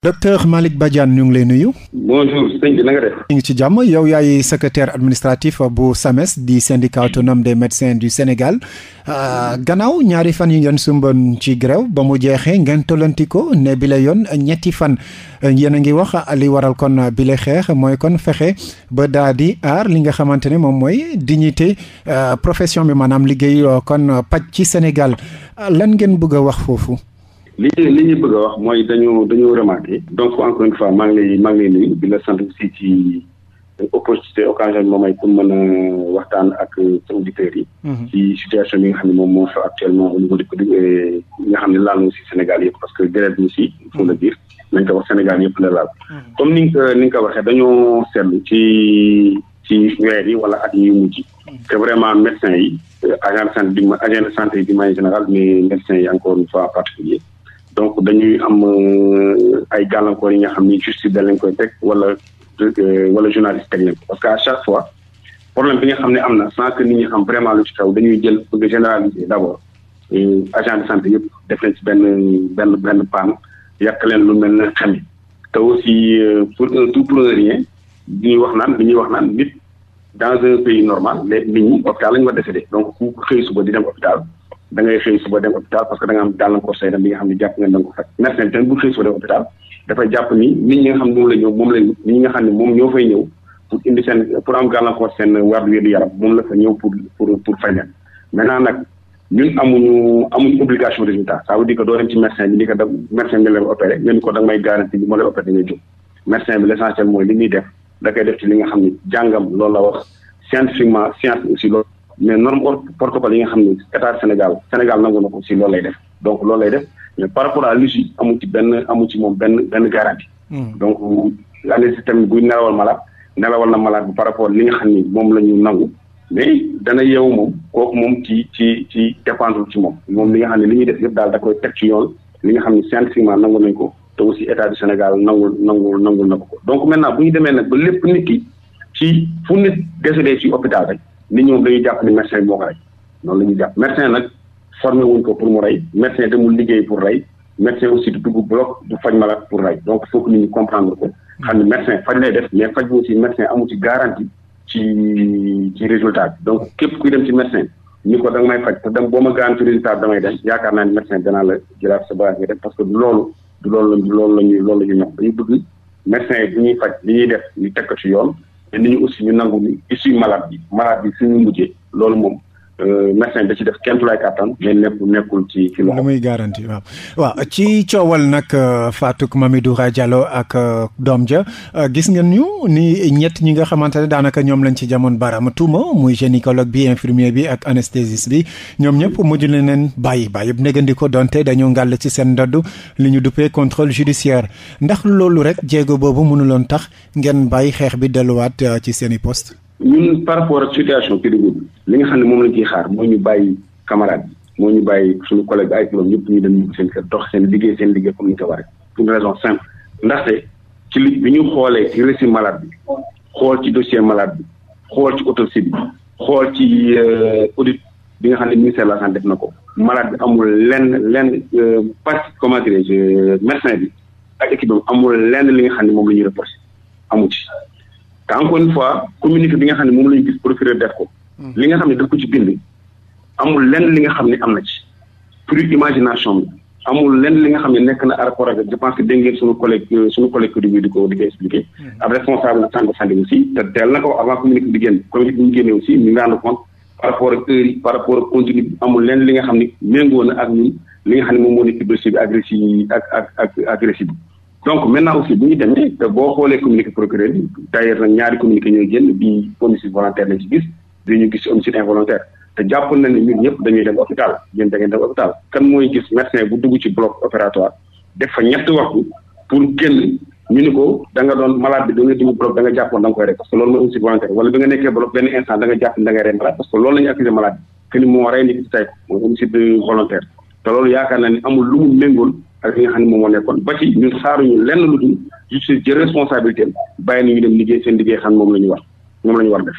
docteur Malick Badiane ñu ngi lay nuyu. bonjour ngi ci jàmm yow yaay secrétaire administratif bu SAMES di syndicat autonome de médecins du Sénégal euh, gannaaw ñaari fan yi ngeen sumban ci grève ba mu jeexee ngeen tollanti ne bi la yoon ñetti fan yéen a ngi wax li waral kon bi la xeex mooy kon fexe ba daa di aar li nga xamante ne moom mooy dignité euh, profession bi maanaam liggéey kon paj ci Sénégal lan ngeen bëgg a wax foofu. li ñu li bëgg a wax mooy dañu dañu remarqué donc encore une fois maa ngi lay maa ngi lay nuyu di la sant aussi ci opportunité occasion bi moom mooy pour mën waxtaan ak sa auditeurs yi mhm. ci situation bi nga xam ne moom moo fa actuellement au niveau du Covid nga xam ne laal na si Sénégal yëpp parce que grève bi aussi il faut le dire nañ ko wax Sénégal yëpp la laal mhm. comme ni nga ni nga ko waxee dañoo seetlu ci ci weer yi wala at yi mujj que mhm. vraiment médecins yi euh, agent de santé agent de santé du manière générale mais médecins yi encore une fois en donc dañuy am euh, ay gàllankoor yi nga xam ni justice da lañ koy teg wala euh, wala journaliste teg nañ ko parce que à chaque fois problème bi nga xam ne am na sans que nit ñi xam vraiment lu ci xew dañuy jël bëgg généraliser d' abord euh, agent de santé yëpp def nañ ci benn benn benn paan yàq leen lu mel ne xel te aussi pour un tout pour un rien di ñuy wax naan li ñuy wax naan nit dans un pays normal les nit ñi hôpital la ñu war décédé donc ku xëy suba di dem hôpital dangay ngay xëy suba dem hôpital parce que da am gàllankoor say dem bi nga xam ne ni moom la ñëw moom la nit ñi seen pour moom la pour pour pour fay leen maintenant nag ñun amuñu amuñu obligation doo dem ci médecin bi ni ko da ko da nga may garanti bi moo lay muy def da def ci li nga xam ne jàngam loolu la wax scientifiquement science aussi loolu mais norme protocole yi nga xam ne état Sénégal Sénégal nangu na ko si loolu lay def donc loolu lay def mais par rapport à Russie amu ci benn amu ci moom benn benn garantie. Hmm. donc analyse tamit buy nelawal malade na malade bi par rapport li nga xam ni moom la ñu nangu mais dana yeewu moom kooku moom ci ci ci dépendre ci moom moom li nga xam ne li ñuy def yëpp daal da koy teg ci yoon li nga xam ne scientifiquement nangu nañ ko te aussi état du Sénégal nangu nangul nangul na ko donc naa bu ñu demee nag ba lépp nit ki ci fu nit décédé ci hôpital rek. nit ñi moom dañuy jàpp ni médecin moo ko rey noonu la ñuy jàpp médecin nag formé wuñ ko pour mu rey médecin te mu liggéey pour rey médecin aussi du dugg bloc du faj malade pour rey donc il faut que nit ñi comprendre ko xam ne médecin faj lay def mais faj aussi médecin amu ci garantie ci ci résultat bi donc képp kuy dem ci médecin ni ko da nga may faj boo ma garanti résultat damay dem yaakaar naa ne médecin danaa la jëlaat sa bagage nga def parce que du loolu loolu la du loolu la ñuy loolu la ñuy ñox dañu bëgg médecin bu li ñuy def ñu teg ko ci yoon mais nit ñi aussi ñu nangu ni issue malade bi malade bi fi ñu loolu moom Euh, médecin da ci def kenn tulaay kàttan mais nekkul nekkul ci ci loxo. lu muy garanti waaw waaw ci coowal nag euh, Fatou Mamadou Diallo ak euh, doom ja gis nga ñu ni ñett ñi nga xamante ne daanaka ñoom lañ ci jamono baaraam tuuma muy gynécologue bi infirmier bi ak anesthésiste bi ñoom ñëpp mujj na leen bàyyi bàyyi négandi ko donte dañoo ngàll ci seen ndodd li ñu duppee contrôle judiciaire ndax loolu rek jéego boobu mënuloon tax ngeen bàyyi xeex bi delluwaat ci seen i poste. ñun par rapport ak situation Kédougou li nga xam ne moom lañ ciy xaar mooy ñu bàyyi camarade bi moo ñu bàyyi suñu collègue ay turam ñëpp ñu dem seen kër dox seen liggéey seen liggéey comme ni ko waree pour une raison simple ndaxte ci li bi ñu xoolee ci récit malade bi xool ci dossier malade bi xool ci autopsie bi xool ci euh, audit bi nga xam ne ministère de la santé def na ko malade bi amul lenn lenn euh, parti comment dirais-je euh, bi ak équipe amul lenn li nga xam ne moom la ñuy reproché amu te encore une fois communiqué bi nga xam ne moom lañu gis procureur def ko hmm. li nga xam ne daf ko ci bind amul lenn li nga xam ne am na ci fruit imagination bi amul lenn li nga xam ne nekk na à rapport avec je pense que dégg ngeen suñu collègue euh, suñu collègue bi di ko di ko expliqué hmm. ab responsable sànq sànq aussi ñu génne aussi ñu par rapport ak heure li nga xam ne méngoo na ak li nga xam ne moom moo nekk ci dossier bi agressif ak ak ak agressif donc maintenant aussi bu ñu demee te boo xoolee communiqué procureur yi d'ailleurs nag ñaari communiqué ñooy génn bii homicide volontaire lañ gis bii na ne ñun dem hôpital yéen da mooy gis bu dugg ci bloc opératoire def fa ñetti waxtu pour génn ñu ni ko da nga doon malade bi da jàppoon da koy rek parce que loolu mooy homicide volontaire wala bi nga nekkee bloc benn instant da nga jàpp ne da ngay rey malade parce que loolu la ñu accusé malade bi que ni moo rey nit ki tay mooy homicide volontaire te loolu yaakaar na ne amul lu mu méngool ak li nga xam ne ba ci lenn lu dul justice jël responsabilité am bàyyi dem liggéey seen liggéey xam moom la ñu war moom la ñu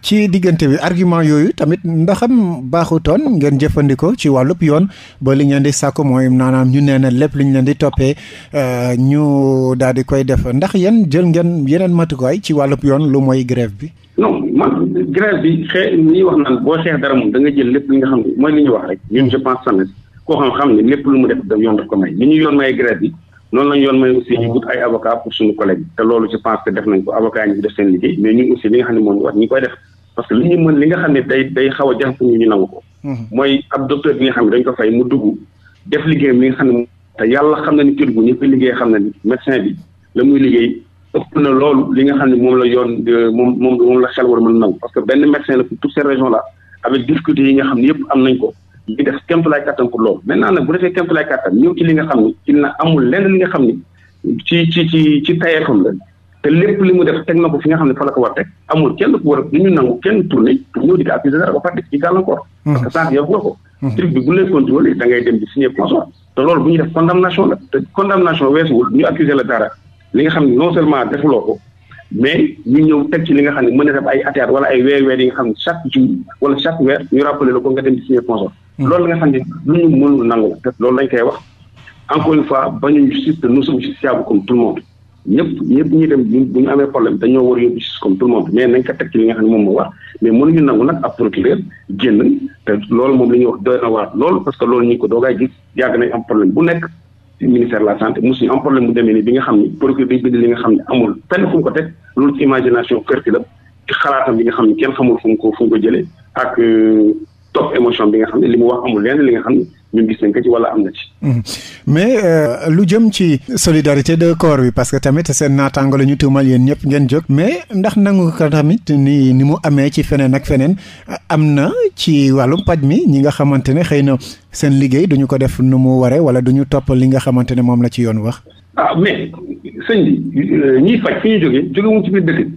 ci diggante bi argument yooyu tamit ndaxam baaxutoon ngeen jëfandikoo ci wàllub yoon ba li ngeen di sàkku mooy naanaam ñu nee na lépp li ñu leen di toppee euh, ñu daal di koy def ndax yéen jël ngeen yeneen matukaay ci wàllub yoon lu mooy grève bi. non man grève bi xee ni wax naan boo xeex dara moom danga jël lépp li nga xam ne mooy li ñu wax rek ñun je pense tamit koo xam xam ne lépp lu mu def da yoon daf ko may li ñu yoon may grève bi noonu lañu yoon may aussi ñu wut ay avocat pour suñu collègue te loolu je pense que def nañ ko def seen liggéey mais ñun aussi li nga xam ne moom war ñu koy def xam a jax pour mu dugg def liggéeyam li nga xam ne te yàlla xam na ni kër ñëpp liggéey xam na ni médecin bi la loolu li nga xam ne moom la yoon moom moom moom la xel war mën nangu parce que benn médecin la pour toutes ces régions là avec difficultés yi nga xam ne yëpp am nañ ko ñu def kéemtulaay kàttan pour loolu maintenant nag bu defee kéemtulaay kàttan ñëw ci li nga xam ni ci na amul lenn li nga xam ni ci ci ci ci tayeefam la te lépp li mu def teg na ko fi nga xam ne fa la ko war teg amul kenn ku war nangu kenn tourné pour ñëw di accuser dara ba pare ci gàllankoor. Hmm. parce que sànq yow hmm. nga bi bu lay contrôlé da ngay dem di signer consort te loolu bu ñuy def condamnation la te condamnation weesuwul ñu accuser la dara li nga xam ne non seulement defuloo ko mais ñu ñëw teg ci li nga xam ne mën na def ay atiwaat wala ay weer weer yi nga xam ne chaque jour wala chaque weer ñu rappelé la ko nga dem di signé consor hmm. loolu nga xam ne ñu mënul nangu la lañ koy wax encore une fois bañu juste nous sommes justiciables comme tout le monde ñëpp ñëpp ñuy dem bu ñu amee problème dañoo war yóbbu justice comme tout le mais nañ ko teg ci li nga xam ne moom moo wax mais mënuñu nangu nag ab procureur génn te loolu moom li ñuy wax doy na waar loolu parce que loolu ñu am problème bu nekk ministère de la santé mosuñu am problème bu demee ni bi nga xam ni procureur day bind li nga xam ne amul fenn fu mu ko teg loolu imagination kërti la ci xalaatam bi nga xam ne kenn xamul fu mu ko fu ko jëlee ak euh, topp émotion bi nga xam ne li mu wax amul lenn li nga xam ne ñun gis nañ ko ci wala am na ci. Mm-hmm. mais euh, lu jëm ci solidarité de corps bi parce que tamit seen naataango la ñu tuumal yéen ñëpp ngeen jóg. mais ndax nangu ko tamit ni ni mu amee ci feneen ak feneen am na ci wàllum paj mi ñi nga xamante ne xëy na seen liggéey duñu ko def nu mu waree wala ñu topp li nga xamante ne moom la ci yoon wax. ah mais sëñ bi euh, ñiy faj fi ñu jógee jóge wuñ ci biir dëkk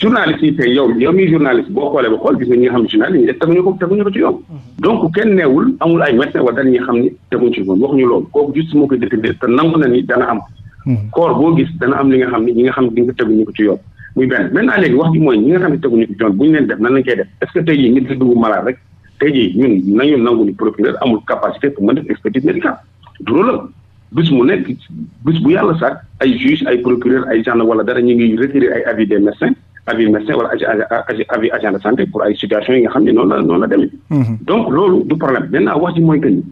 journaliste yi tey yow yow miy journaliste boo xoolee ba xool gis nga ñi nga xam ne journaliste yi def teguñu ko teguñu ko ci yoon. Mhm. donc kenn neewul amul ay médecin wala daan ñi xam ni teguñu ci dana am. corps mhm. boo gis dana am li nga xam ni ñi nga xam ne ko ci yoon. muy benn maintenant léegi wax ji mooy ñi nga xam ne teguñu ko ci yoon bu ñu leen def nan lañ koy def est-ce que tey jii nit di dugg malade rek tey jii ñun nañu nangu ni procureur amul capacité pour mën def expertise médicale du bis mu nekk bis bu yàlla sàkk ay juge ay procureur ay gendarme wala dara ñu ngi retirer ay avis des médecins avis médecin wala avis de santé pour ay situation yi nga xam ne noon la noonu la demee mm-hmm. donc loolu du problème maintenant wax ji mooy que ni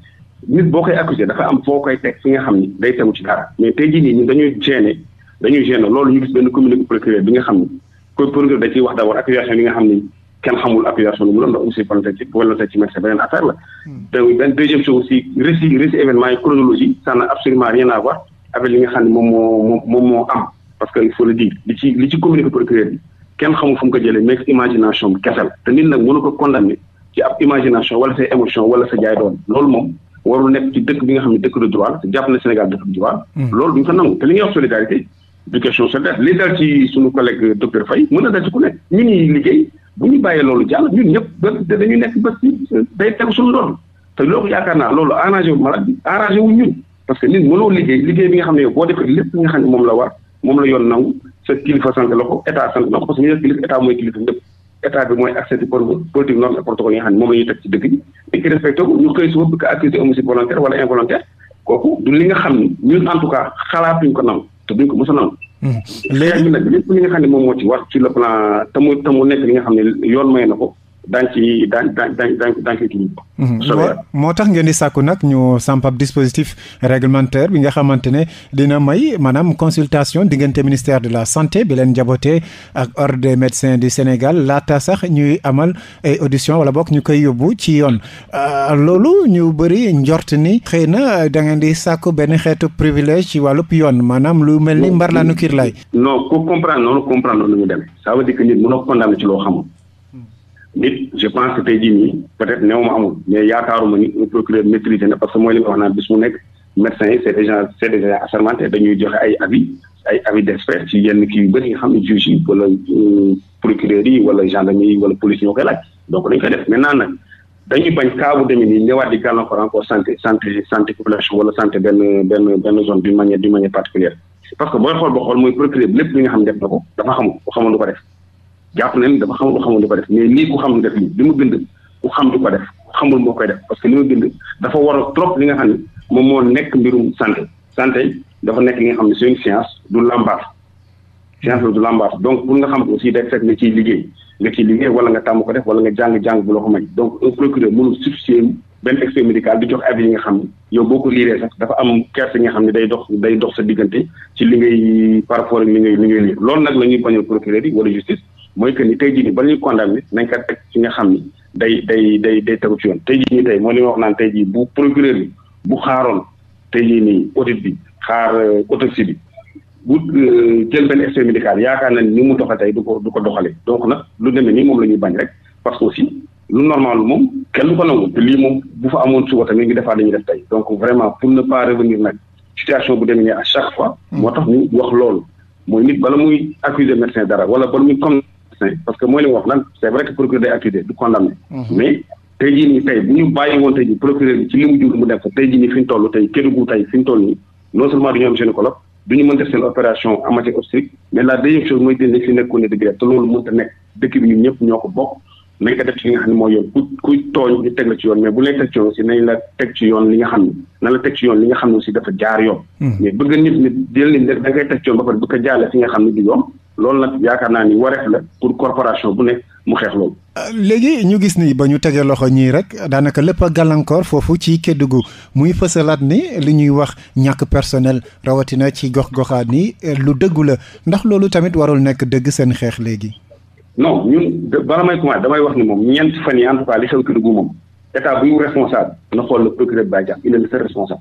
nit boo koy accusé dafa am foo koy teg fi nga xam ni day tegu ci dara mais tey jii nii ñun dañuy gêné dañuy gêné loolu ñu gis benn communiqué procureur bi nga xam ni ko procureur da ciy wax d'abord accusation bi nga xam ni kenn xamul accusation lu mu doon ndax aussi politique wala tey ci médecin beneen affaire la donc hmm. benn deuxième chose aussi récit événement yi chronologie ça n'a absolument rien à voir li nga xam ne moom moo moom moo am parce que il faut le dire li ci li ci procureur bi kenn xamul fu mu ko jëlee mais imagination bi kese la te nit nag mënu ko condamné ci ab imagination wala say émotion wala sa jaay doon loolu moom warul nekk ci dëkk bi nga xam ne dëkk de droit la te jàpp na Sénégal éducation secondaire li dal ci suñu collègue docteur Faye mën na dal ci ku nekk ñu ñuy liggéey bu ñu bàyyee loolu jàll ñun ñëpp dañu nekk ba suñu doon loolu yaakaar naa loolu arrangé wu ñun parce que nit mënoo liggéey liggéey bi nga xam ne boo defee lépp nga xam ne moom la ñu ne kilifa état mooy kilifa ñëpp état bi mooy accès ci politique norme et protocole yi nga xam ne moom la ñuy teg ci dëkk bi dañ koy respecté ko ñu koy suba bi ko accusé homicide volontaire wala involontaire kooku du li nga xam ne ñun en xalaatuñ ko nangu te duñ ko mos a nangu. Hmm. léegi nga xam ne moom moo ci war ci le plan te mu te mu nekk nga xam ne yoon may na ko. dañ ci mhm. moo tax ngeen di sàkku nag ñu samp dispositif réglementaire bi nga xamante ne dina may maanaam consultation diggante ministère de la santé bi leen njaboote ak ordre des médecins du Sénégal laata sax ñuy amal ay audition wala bokk ñu koy yóbbu ci yoon. Euh, loolu ñu bëri njort ni xëy na da ngeen di sàkku benn xeetu privilège ci wàllub yoon maanaam lu mel ni mbar laanu kiir lay. non ku comprendre noonu comprendre noonu ñu demee. ça veut dire que nit mënoo ci loo xamul. nit je pense que tey jii nii peut-être néew ma amul mais yaakaaruma ni procureur maîtrisé na parce que mooy li nga wax naan bis mu nekk médecins c'est des gens c'est des gens avis ay ci yenn kii yu nga xam ne juge yi wala euh, procureurs yi wala gendarmerie yi wala police ñoo koy laaj donc dañ koy def maintenant nag dañuy bañ kaabu demee nii ñëwaat di gàllankoor encore santé santé santé population wala santé benn benn benn d'une manière d'une manière particulière parce que booy xool ba xool mooy procureur nga xam ne def na ko dafa xamul ko xamul jàpp nañ dama xamul ko xamul du ko def mais lii ku xam def lii li mu bind ku xam du ko def ku xamul moo koy def parce que li mu bind dafa war trop li nga xam ne moom moo nekk mbirum santé santé dafa nekk li nga xam ne c'est une du làmbaat science la du làmbaat donc pour nga xam ko aussi day fekk ciy liggéey nga ciy liggéey wala nga tàmm ko def wala nga jàng-jàng bu ko may donc un procureur mënul substituer benn expert médical di jox avis yi nga xam ne yow boo ko liiree sax dafa am kerse yi nga xam ne day dox day dox sa diggante ci li ngay par rapport ak li ngay li ngay liir loolu nag la ñuy bañal procureur yi wala mooy que ni tey jii nii ba ñuy condamné nañ ko teg ci nga xam ni day day day day tegu ci yoon tey jii nii tey moo li wax naan tey jii bu procureur bi bu xaaroon tey jii nii audit bi xaar euh, autopsie bi bu euh, jël benn extrait médical yaakaar na ni mu doxal tey du ko du ko doxalee donc nag lu demee ni moom la ñuy bañ rek parce que aussi lu normal moom kenn du ko nangu te lii moom bu fa amoon suba tamit ngi defaat dañuy def tey donc vraiment pour ne pas revenir nag situation bu demee chaque fois mm. moo tax ñu wax loolu mooy nit bala muy accuser médecin dara wala bala muy vaccin parce que mooy li mu wax lan c' est vrai que procureur day accuser du condamné. Mhm. mais tey nii tey bu ñu bàyyi woon tey procureur ci li mu jublu mu def nii fi nekkoon ne de te loolu mënta nekk dëkk bi ñun ñëpp ñoo ko bokk. nañ ko def ci li nga xam ne mooy yoon ku ku tooñ teg la ci yoon mais bu lay teg ci yoon li nga xam ne na la teg ci yoon li nga xam ne aussi dafa jaar yoon hmm. mais bëgg nit nit jël nit teg ci yoon ba pare bu ko jaarale fi nga xam loolu nag yaakaar naa ni wareef la pour corporation bu nekk mu xeex loolu. Euh, léegi ñu gis nii ba ñu tegee loxo ñii rek daanaka lépp a gàllankoor foofu ci Kédougou muy fësalaat ni li ñuy wax ñàkk personnel rawatina ci gox-goxaat ni euh, lu dëggu la ndax loolu tamit warul nekk dëgg seen xeex léegi. non ñu bala may commencé damay wax ni moom ñeent fan yi en tout cas li xew Kédougou moom état bu responsable na xool le procureur Badiane il est le seul responsable.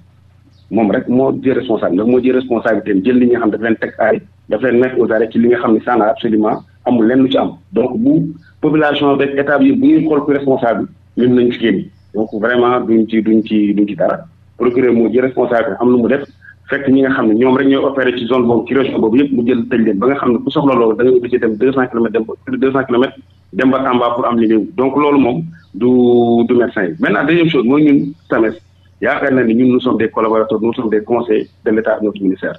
moom rek moo jël responsable moo jël responsabilité jël li nga xam dafa leen teg aay dafa leen mettre aux arrêts ci li n'a absolument amul lenn lu ci am donc bu population rek état bi bu ñuy xool ku responsable ñun ci duñ ci duñ ci duñ mu def fekk nga xam ne ñoom rek ñooy opéré ci zone boobu ci région boobu yëpp mu jël tëj leen ba nga xam ne ku soxla loolu da ngay deux cent kilomètres dem ba plus pour am li donc loolu moom du du médecin yi maintenant deuxième chose mooy ñun tamit yaakaar naa ni ñun nous sommes des collaborateurs nous sommes des conseillers de l' état de ministère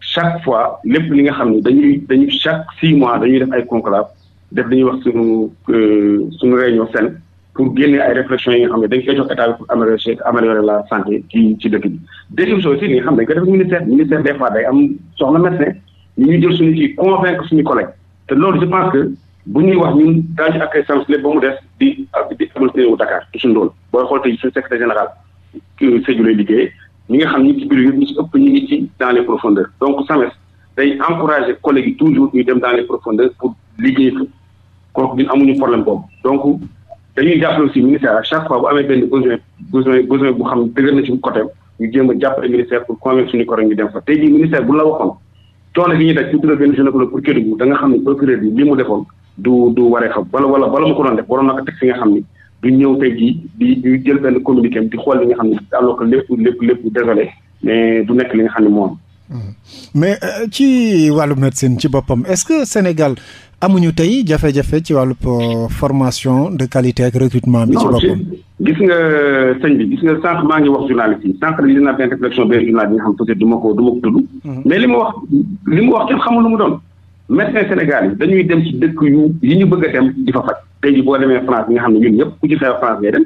chaque fois lépp li nga xam ne dañuy dañuy chaque six mois dañuy def ay conclave def dañuy wax suñu euh, suñu réunion seen pour génne ay réflexions yi nga xam ne dañ koy jox état bi pour améliorer améliorer la santé ci ci dëkk bi deuxième chose aussi li nga xam ne dañ koy def ministère ministère des fois day am soxla médecin ñu ñuy jël suñu ci convaincre suñu collègue te loolu je pense que bu ñuy wax ñun daañu ak ay sens lépp ba mu des di di administrer wu Dakar toujours loolu booy xool tey suñu secrétaire kii séddale liggéey ñi nga xam ñi ci biir ñu ci ëpp ñu ngi ci dans les profondeurs donc SAMES day encourager collègues yi toujours ñuy dem dans les profondeurs pour liggéey fa kooku ñun amuñu problème boobu donc dañuy jàppale aussi ministère à chaque fois ñu jéem a jàppale ministère pour convaincre suñu collègue ñu dem fa tey jii ministère bu la waxoon coono gi ñuy daj pour tuddee benn gynécologue pour Kédougou da nga xam ne procureur bi li mu defoon du du waree fa wala wala wala mu ko doon def waroon na ko fi nga xam ni du ñëw tey jii di di jël benn communiqué di xool li nga xam ne alors que lépp lépp lépp désolé mais du nekk li nga xam ne moom. Hmm. mais euh, ci wàllu médecine ci boppam est-ce que Sénégal amuñu tey jafe-jafe ci wàllu euh, formation de qualité ak recrutement bi ci boppam. gis nga sëñ bi gis nga sànq maa ngi wax journaliste yi sànq dañu naan benn réflexion benn journaliste bi nga xam peut-être ko du ma ko tudd. Hmm. mais li ma wax li ma wax kenn xamul lu mu doon. médecin Sénégal dañuy dem dëkk yu yi ñu bëgg a dem di fa faj. tey jii boo demee France bi nga xam ne ñun ñëpp ku ci feebar France ngay dem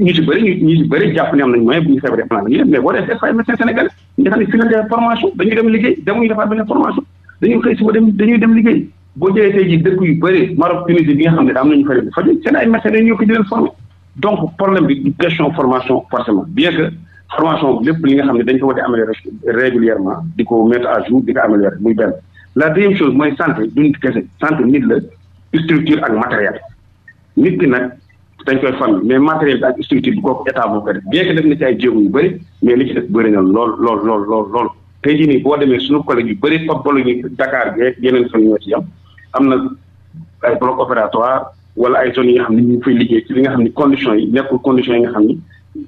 ñu ci bëri ñu ñu ci bëri jàpp ne am nañ moyen bu ñu feebaree France ñu dem mais boo dee def ay médecin sénégalais ñi nga xam ne fi lañ defee formation dañuy dem liggéey demuñu defaat benn formation dañuy xëy suba dem dañuy dem liggéey boo jëlee tey jii dëkk yu bëri Maroc Tunisie bi nga xam ne da am nañu fa dem faju seen ay médecin dañu ñëw ko di leen former donc problème bi question formation forcément bien que formation lépp li nga xam ne dañ ko war a améliorer régulièrement di ko mettre à jour di ko améliorer muy benn la deuxième chose mooy santé duñ kese santé nit la structure ak matériel nit ki nag dañ koy fal mais matériel bi ak structure bi kooku état moo ko def bien def na ci ay jéego yu bëri mais li def bëri na lool lool lool lool lool tey jii nii boo demee suñu collègue yu bëri fab bolo ñu Dakar bi yeneen zone ñoo ci yam am na ay bloc opératoire wala ay zones yi nga xam ne ñu ngi liggéey ci li nga xam ni conditions yi nekkul conditions yi nga xam ni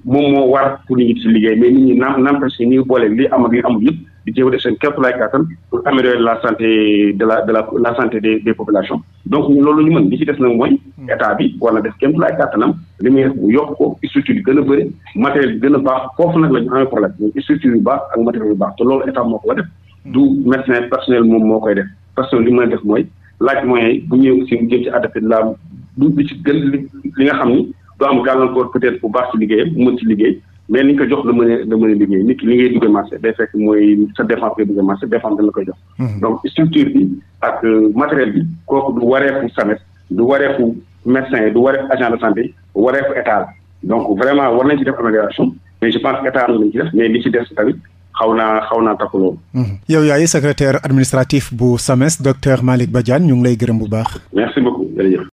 moom moo war pour nit ñi ci liggéey mais nit ñi naam naam parce que boole li am ak amul yëpp di jéem a képp laay kàttan pour améliorer la santé de la de la la santé des des populations donc ñu loolu ñu mën li ci des nag mooy hmm. état bi war na def kéem tolluwaay ko structure yi gën a bëri matériel yi gën a baax foofu nag la baax ak matériel yu baax te loolu état hmm. du médecin personnel moom moo koy def personnel li mën a def mooy laaj moyens yi bu ñëw aussi li nga xam ni du am gàllankoor peut bu baax ci liggéeyam mu mën ci liggéey mais li ñu ko jox da mën a da mën a liggéey nit ki li ngay duggee marché day fekk mooy sa défense ngay duggee marché défense dañ la koy jox. Mhm. donc structure bi ak euh, matériel bi kooku du wareefu SAMES du wareefu médecin du wareefu agent de santé wareefu état donc vraiment war nañ ci def amélioration mais je pense état lañ ci def mais li ci des tamit. xaw naa xaw naa takku loolu. Mhm. yow yaay secrétaire administratif bu SAMES docteur Malick Badiane ñu ngi lay gërëm bu baax. merci beaucoup jërëjëf.